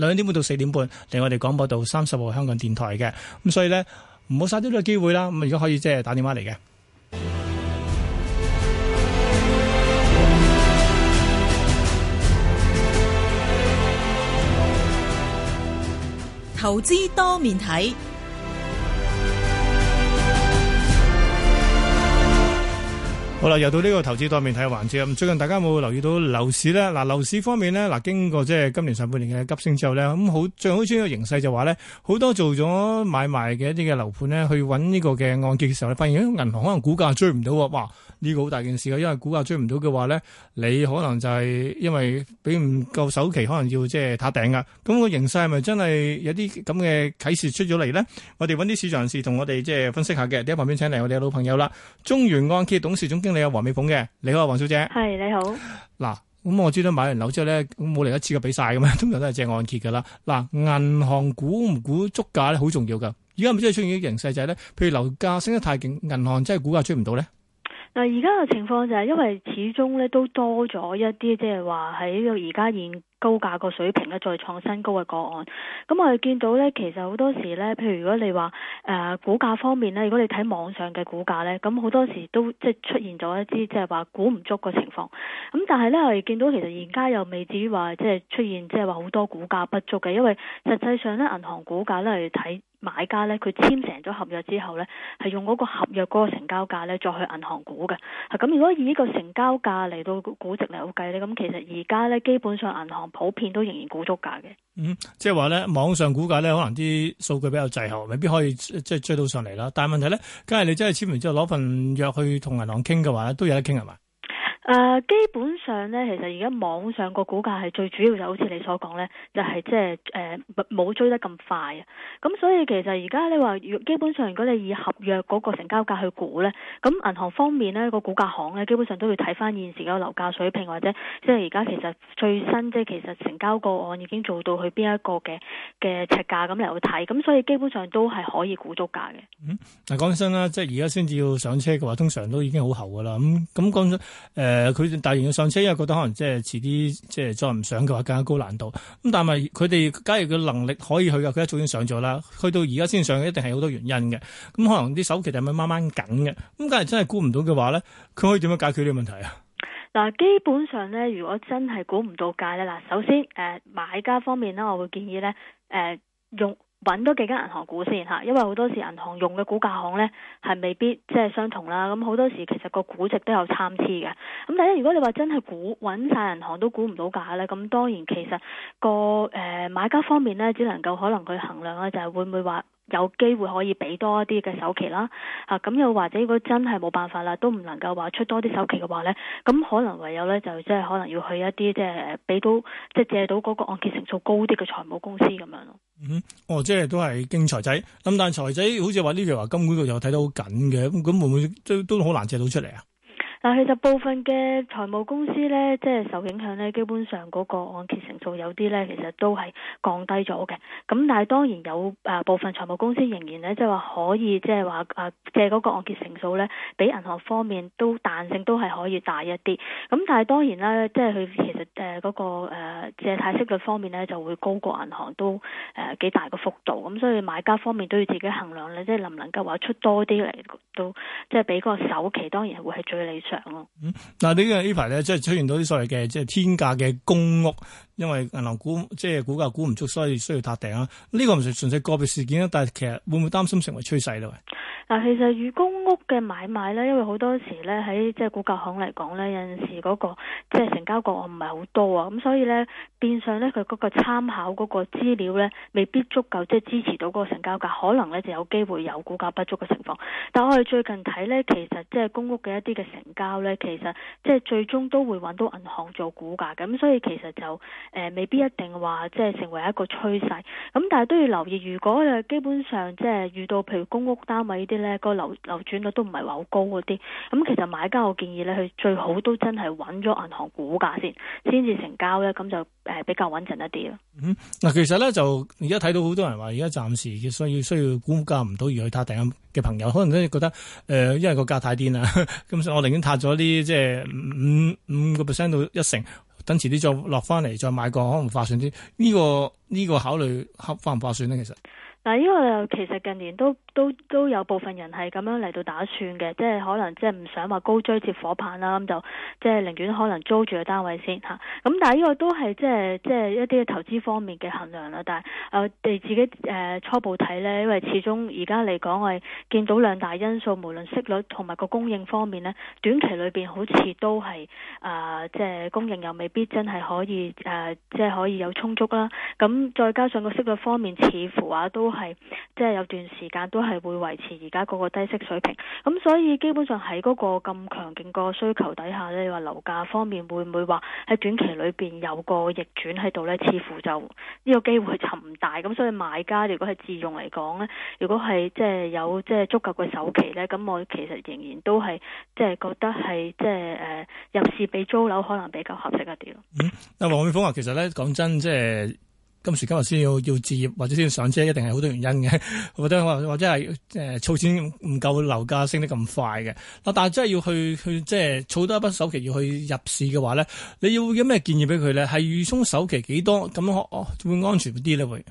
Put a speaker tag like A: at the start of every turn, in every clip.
A: 兩點半到四點半嚟，令我哋廣播到三十號香港電台嘅，咁所以呢，唔好嘥咗呢個機會啦。咁而家可以，即係打電話嚟嘅。
B: 投資多面睇。
A: 好啦，又到呢個投資多面睇嘅環節。咁最近大家有冇留意到樓市呢？嗱、啊，樓市方面呢，嗱、啊，經過即係今年上半年嘅急升之後呢，咁好最好先嘅形勢就話呢，好多做咗買賣嘅一啲嘅樓盤呢，去揾呢個嘅按揭嘅時候咧，發現銀行可能估價追唔到啊！哇，呢、這個好大件事啊！因為估價追唔到嘅話呢，你可能就係因為俾唔夠首期，可能要即係撻訂啊！咁個形勢係咪真係有啲咁嘅啟示出咗嚟呢？我哋揾啲市場人士同我哋即係分析下嘅。喺旁邊請嚟我哋嘅老朋友啦，中原按揭董事總經理你好，黃美鳳嘅，你好，黃小姐，係你好。嗱、啊，咁、嗯、我知道買完樓之後咧，冇嚟一次嘅俾晒嘅咩？通常都係借按揭噶啦。嗱、啊，銀行估唔估足價咧，好重要噶。而家唔知係咪出現啲形勢就係咧，譬如樓價升得太勁，銀行真係估價追唔到咧。
B: 嗱，而家嘅情況就係因為始終咧都多咗一啲，即係話喺個而家現。高價個水平咧再創新高嘅個案，咁我哋見到咧，其實好多時咧，譬如如果你話誒、呃、估價方面咧，如果你睇網上嘅估價咧，咁好多時都即係出現咗一啲即係話估唔足嘅情況。咁但係咧，我哋見到其實而家又未至於話即係出現即係話好多估價不足嘅，因為實際上咧，銀行估價咧係睇買家咧，佢簽成咗合約之後咧，係用嗰個合約嗰個成交價咧，再去銀行估嘅。咁如果以呢個成交價嚟到估值嚟到計咧，咁其實而家咧，基本上銀行普遍都仍然估足價嘅。嗯，
A: 即係話咧，網上估價咧，可能啲數據比較滯後，未必可以即係追追到上嚟啦。但係問題咧，梗係你真係簽完之後攞份約去同銀行傾嘅話，都有得傾係嘛？
B: 誒、uh, 基本上咧，其實而家網上個估價係最主要，就好似你所講咧，就係即係誒冇追得咁快啊。咁所以其實而家你話，基本上如果你以合約嗰個成交價去估咧，咁銀行方面咧，個估價行咧，基本上都要睇翻現時嘅樓價水平，或者即係而家其實最新即係其實成交個案已經做到去邊一個嘅嘅尺價咁嚟去睇。咁所以基本上都係可以估到價嘅。嗯，
A: 嗱講真啦，即係而家先至要上車嘅話，通常都已經好後㗎喇。咁咁講誒。誒，佢、呃、突然要上車，因為覺得可能即係遲啲，即、呃、係、呃、再唔上嘅話更加高難度。咁但係佢哋，假如佢能力可以去嘅，佢一早已經上咗啦。去到而家先上，一定係好多原因嘅。咁、嗯、可能啲首期係咪掹掹緊嘅？咁假如真係估唔到嘅話咧，佢可以點樣解決呢個問題
B: 啊？嗱，基本上咧，如果真係估唔到價咧，嗱，首先誒、呃，買家方面咧，我會建議咧，誒、呃，用。揾多幾間銀行估先吓，因為好多時銀行用嘅估價行呢，係未必即係、就是、相同啦。咁好多時其實個估值都有參差嘅。咁但係如果你話真係估揾晒銀行都估唔到價呢。咁當然其實、個誒、呃、買家方面呢，只能夠可能佢衡量呢就係、是、會唔會話有機會可以俾多一啲嘅首期啦。啊咁又或者如果真係冇辦法啦，都唔能夠話出多啲首期嘅話呢，咁可能唯有呢，就即係可能要去一啲即係誒俾到即係、就是、借到嗰個按揭成數高啲嘅財務公司咁樣咯。
A: 嗯，哦，即係都係驚財仔，咁但係財仔好似話呢句話，金管局又睇得好緊嘅，咁會唔會都都好難借到出嚟啊？
B: 嗱，其實部分嘅財務公司呢，即係受影響呢，基本上嗰個按揭成數有啲呢，其實都係降低咗嘅。咁但係當然有誒部分財務公司仍然呢，即係話可以即係話誒借嗰個按揭成數呢，比銀行方面都彈性都係可以大一啲。咁但係當然啦，即係佢其實誒嗰、呃那個、呃、借貸息率方面呢，就會高過銀行都誒幾、呃、大個幅度。咁、嗯、所以買家方面都要自己衡量你即係能唔能夠話出多啲嚟都即係俾嗰個首期，當然會係最理想。
A: 嗯，嗱呢個呢排咧，即係出現到啲所謂嘅即係天價嘅公屋。因為銀行股即係估價估唔足，所以需要撻訂啦。呢、這個唔純純粹個別事件啦，但係其實會唔會擔心成為趨勢咧？嗱、
B: 那個，其實與公屋嘅買賣咧，因為好多時咧喺即係估價行嚟講咧，有陣時嗰個即係成交個案唔係好多啊，咁所以咧變相咧佢嗰個參考嗰個資料咧未必足夠，即係支持到嗰個成交價，可能咧就有機會有估價不足嘅情況。但係我哋最近睇咧，其實即係公屋嘅一啲嘅成交咧，其實即係最終都會揾到銀行做估價，咁所以其實就。誒、呃、未必一定話即係成為一個趨勢，咁但係都要留意。如果誒基本上即係遇到譬如公屋單位啲咧，個流流轉率都唔係話好高嗰啲，咁其實買家我建議咧，佢最好都真係揾咗銀行估價先，先至成交咧，咁就誒比較穩陣一啲咯。嗯，
A: 嗱其實咧就而家睇到好多人話，而家暫時嘅需要需要估價唔到而去撻訂嘅朋友，可能真係覺得誒、呃，因為個價太癲啦。咁所以我寧願撻咗啲即係五五個 percent 到一成。等遲啲再落翻嚟再買個，可能划算啲。呢、這個呢、這個考慮划唔划算咧？其實。
B: 嗱，呢個其實近年都都都有部分人係咁樣嚟到，打算嘅，即係可能即係唔想話高追接火棒啦，咁就即係寧願可能租住個單位先吓。咁但係呢個都係即係即係一啲嘅投資方面嘅衡量啦。但係誒，我哋自己誒初步睇咧，因為始終而家嚟講我哋見到兩大因素，無論息率同埋個供應方面咧，短期裏邊好似都係誒、呃，即係供應又未必真係可以誒、呃，即係可以有充足啦。咁再加上個息率方面，似乎啊都，都係即係有段時間都係會維持而家嗰個低息水平，咁所以基本上喺嗰個咁強勁個需求底下咧，你話樓價方面會唔會話喺短期裏邊有個逆轉喺度呢？似乎就呢個機會就唔大，咁所以買家如果係自用嚟講呢，如果係即係有即係足夠嘅首期呢，咁我其實仍然都係即係覺得係即係誒入市比租樓可能比較合適一啲咯。
A: 嗯，阿黃永峰啊，其實呢，講真即係。就是今時今日先要要置業或者先要上車，一定係好多原因嘅， 或者或或者係誒，儲、呃、錢唔夠樓價升得咁快嘅。嗱，但係真係要去去即係儲多一筆首期要去入市嘅話咧，你要有咩建議俾佢咧？係預充首期幾多咁可哦會安全啲咧會？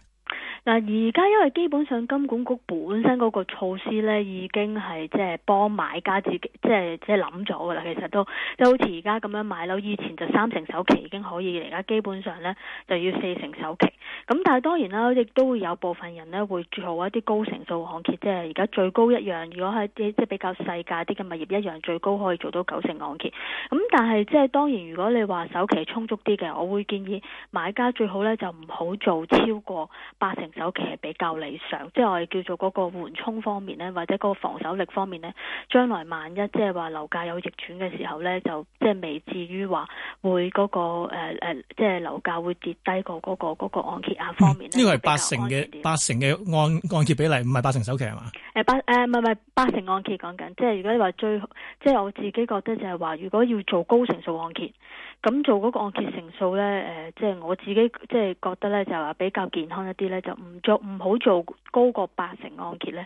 B: 但而家因為基本上金管局本身嗰個措施咧，已經係即係幫買家自己即係即係諗咗㗎啦。其實都即係就好似而家咁樣買樓，以前就三成首期已經可以，而家基本上咧就要四成首期。咁但係當然啦，亦都會有部分人咧會做一啲高成數按揭，即係而家最高一樣，如果係一啲即係比較細價啲嘅物業一樣，最高可以做到九成按揭。咁但係即係當然，如果你話首期充足啲嘅，我會建議買家最好咧就唔好做超過八成。首期係比較理想，即係我哋叫做嗰個緩衝方面呢，或者嗰個防守力方面呢。將來萬一，即係話樓價有逆轉嘅時候呢，就即係未至於話會嗰、嗰個誒、呃、即係樓價會跌低過嗰、嗰個嗰個按揭啊方
A: 面呢。呢個係八成嘅八成嘅按按揭比例，唔係八成首期係嘛？
B: 誒八誒唔係唔係，八成按揭講緊，即係如果你話最，即係我自己覺得就係話，如果要做高成數按揭，咁做嗰個按揭成數呢，誒、呃、即係我自己即係覺得呢，就話、係、比較健康一啲呢。就。就唔做唔好做高過八成按揭咧，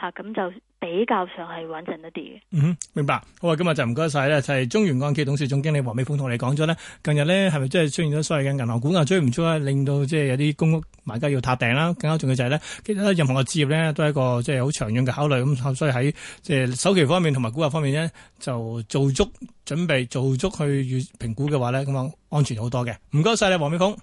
B: 嚇咁就比較上係穩陣一啲嘅。
A: 嗯，明白。好啊，今日就唔該晒咧，就係中原按揭董事總經理王美鳳同你講咗呢。近日呢，係咪真係出現咗所謂嘅銀行估價又追唔出啦，令到即係有啲公屋買家要撻訂啦。更加重要就係呢，其他任何嘅置業呢，都係一個即係好長遠嘅考慮咁，所以喺即係首期方面同埋估價方面呢，就做足準備，做足去預評估嘅話呢，咁樣安全好多嘅。唔該晒你，王美鳳。